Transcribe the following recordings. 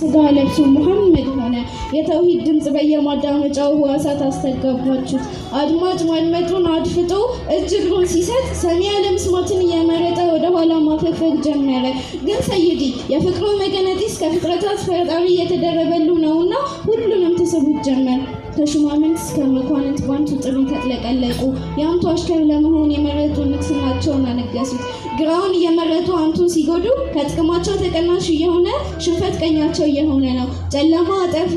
ስጋ ለብሶ መሐመድ ሆነ። የተውሂድ ድምፅ በየማዳመጫው ህዋሳት አስተጋባችሁ። አድማጭ ማድመጡን አድፍጦ እጅግሩን ሲሰጥ ሰሚ ያለመስማትን እየመረጠ ወደ ኋላ ማፈግፈግ ጀመረ። ግን ሰይዲ የፍቅሩ መቀነጢስ ከፍጥረታት ፈጣሪ እየተደረበሉ ነውና ሁሉንም ትስቡት ጀመር። ከሽማምንት እስከ መኳንንት ባንቱ ጥሪ ተጥለቀለቁ። የአንቱ አሽከር ለመሆን የመረጡ ንግስናቸውን አነገሱት። ግራውን እየመረጡ አንቱን ሲጎዱ ከጥቅማቸው ተቀናሽ እየሆነ ሽንፈት ቀኛቸው እየሆነ ነው። ጨለማ አጠፍ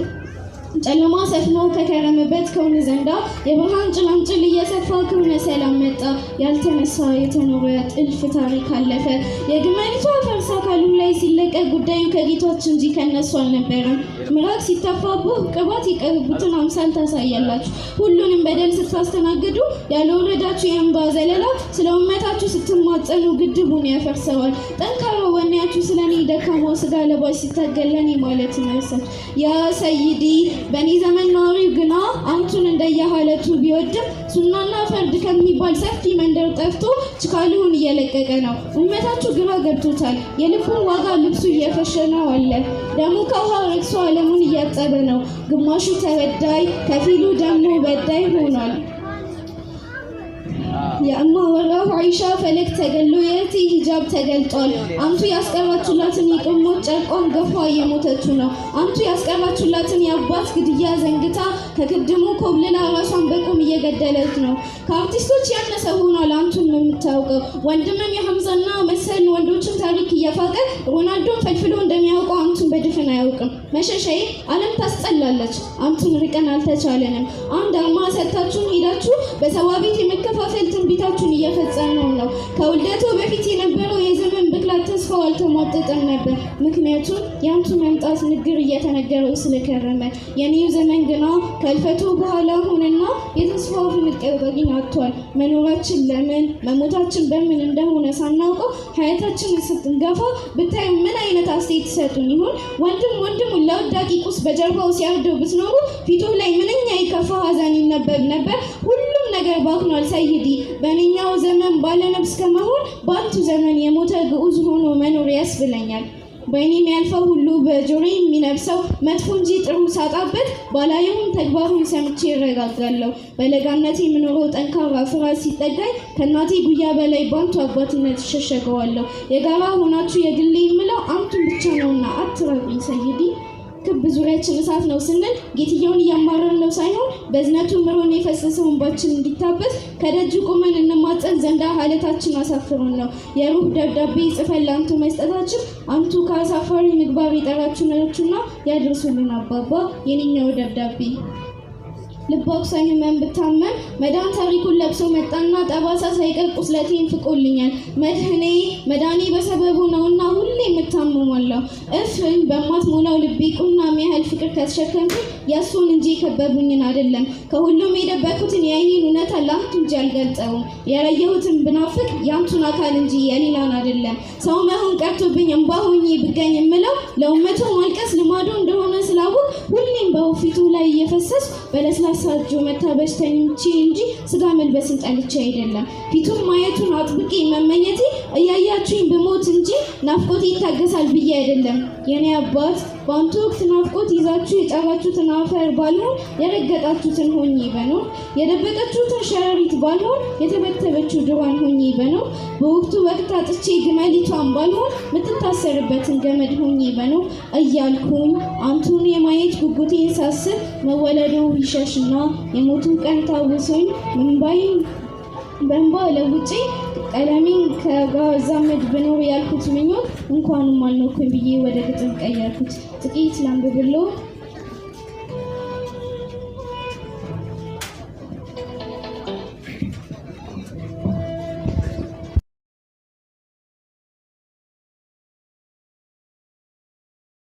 ጨለማ ሰፍኖ ከከረመበት ከሆነ ዘንዳ የብርሃን ጭላንጭል እየሰፋ ከሆነ ሰላም መጣ። ያልተነሳ የተኖረ ጥልፍ ታሪክ አለፈ የግመሊቱ አካሉ ላይ ሲለቀቅ ጉዳዩ ከጌታችን እንጂ ከነሱ አልነበረም። ምራቅ ሲተፋብህ ቅባት የቀቡትን አምሳል ታሳያላችሁ። ሁሉንም በደል ስታስተናግዱ ያለ ወረዳችሁ የእንባ ዘለላ ስለ ውመታችሁ ስትማጸኑ ግድቡን ያፈርሰዋል። ጠንካራ ወኔያችሁ ስለ እኔ ደካማው ስጋ ለባሽ ሲታገል ማለት ይመርሳል። ያ ሰይዲ በእኔ ዘመን ነዋሪው ግና አንቱን እንደየሀለቱ ቢወድም ሱናና ፈርድ ከሚባል ሰፊ መንደር ጠፍቶ ችካልሁን እየለቀቀ ነው። ውመታችሁ ግራ ገብቶታል። የልብሱን ዋጋ ልብሱ እየፈሸነው አለ። ደሙ ከውሃ ረግሶ ዓለሙን እያጠበ ነው። ግማሹ ተበዳይ፣ ከፊሉ ደግሞ በዳይ ሆኗል። የእማ ወራው አይሻ ፈለግ ተገሎ የእህቴ ሂጃብ ተገልጧል። አንቱ ያስቀራችሁላትን የቅሞች ጨርቋን ገፋ እየሞተች ነው። አንቱ ያስቀራችሁላትን የአባት ግድያ ዘንግታ ከቅድሙ ኮብልላ ራሷን በቁም እየገደለች ነው። ከአርቲስቶች ያነሰ ሆኗል። አንቱን የምታውቀው ወንድምም የሐምዛና መሰል ታሪክ እየፋቀ ሮናልዶ ፈልፍሎ እንደሚያውቀው አንቱን በድፍን አያውቅም። መሸሻዬ ዓለም ታስጠላለች። አንቱን ርቀን አልተቻለንም። አንድ አማ ሰጥታችሁን ሄዳችሁ በሰዋቤት ቤት የመከፋፈል ትንቢታችሁን እየፈጸምነው ነው። ከውልደቶ በፊት የነበረው የዘመን በጭንቅላት ተስፋው አልተሟጠጠም ነበር። ምክንያቱም የአንቱ መምጣት ንግር እየተነገረው ስለከረመ የኒው ዘመን ግና ከልፈቱ በኋላ ሆነና የተስፋው ፍንቃቤን አጥቷል። መኖራችን ለምን መሞታችን በምን እንደሆነ ሳናውቀው ሀያታችንን ስትንገፋ ብታዩ ምን አይነት አስተያየት ይሰጡን ይሆን? ወንድም ወንድሙን ለውዳቂ ቁስ በጀርባው ሲያርደው ብትኖሩ ፊቱ ላይ ምንኛ የከፋ ሀዘን ይነበብ ነበር። ነገር ባክኗል ሰይዲ። በእኛው ዘመን ባለነብስ ከመሆን በአንቱ ዘመን የሞተ ግዑዝ ሆኖ መኖር ያስብለኛል። በእኔ የሚያልፈው ሁሉ በጆሮ የሚነብሰው መጥፎ እንጂ ጥሩ ሳጣበት ባላየውን ተግባሩን ሰምቼ ይረጋጋለሁ። በለጋነት የምኖረው ጠንካራ ፍርሃት ሲጠጋኝ ከእናቴ ጉያ በላይ በአንቱ አባትነት ይሸሸገዋለሁ። የጋራ ሆናችሁ የግሌ የምለው አንቱን ብቻ ነውና አትራቁኝ ሰይዲ። ክብ ዙሪያችን እሳት ነው ስንል ጌትየውን እያማረር ነው ሳይሆን በዝነቱ ምሮን የፈሰሰው እንባችን እንዲታበስ ከደጅ ቁመን እንማጸን ዘንዳ ሀለታችን አሳፍሩን ነው የሩህ ደብዳቤ ጽፈን ለአንቱ መስጠታችን አንቱ ከአሳፋሪ ምግባር የጠራችሁ ነችና ያድርሱልን አባባ የኔኛው ደብዳቤ ልቦክሳይ ህመም ብታመም መዳን ታሪኩን ለብሶ መጣና ጠባሳ ሳይቀር ቁስለቴን ፍቆልኛል። መድህኔ መዳኔ በሰበቡ ነውና ሁሌ የምታመሟለሁ። እፍኝ በማትሞላው ልቤ ቁና ያህል ፍቅር ከተሸከምኩኝ የእሱን እንጂ የከበቡኝን አይደለም። ከሁሉም የደበኩትን የአይኔን እውነታ ለአንቱ እንጂ አልገልጠውም። የለየሁትን ብናፍቅ የአንቱን አካል እንጂ የሌላን አይደለም። ሰው መሆን ቀርቶብኝ እምባ ብገኝ የምለው ለውመቱ ማልቀስ ልማዱ እንደሆነ ስለ ፊቱ ላይ እየፈሰስኩ በለስላሳ እጆ መታበሽ ተኝቼ እንጂ ስጋ መልበስን ጠልቼ አይደለም። ፊቱን ማየቱን አጥብቄ መመኘቴ እያያችሁኝ ብሞት እንጂ ናፍቆቴ ይታገሳል ብዬ አይደለም። የኔ አባት በአንቱ ወቅት ናፍቆት ይዛችሁ የጫራችሁትን አፈር ባልሆን የረገጣችሁትን ሆኜ በኖር የደበቀችሁትን ሸረሪት ባልሆን የተበተበችው ድዋን ሆኜ በኖር በወቅቱ ወቅት አጥቼ ግመሊቷን ባልሆን የምትታሰርበትን ገመድ ሆኜ በኖር እያልኩኝ አንቱን የማየት ጉጉቴን ሳስብ መወለዱ ይሸሽና የሞቱ ቀን ታውሶኝ ምንባይን በእንባ ለውጬ ቀለሜን ከጋዛመድ ብኖር ያልኩት ምኞት እንኳንም አልኖርኩኝ ብዬ ወደ ግጥም ቀየርኩት። ጥቂት ላንብብሎ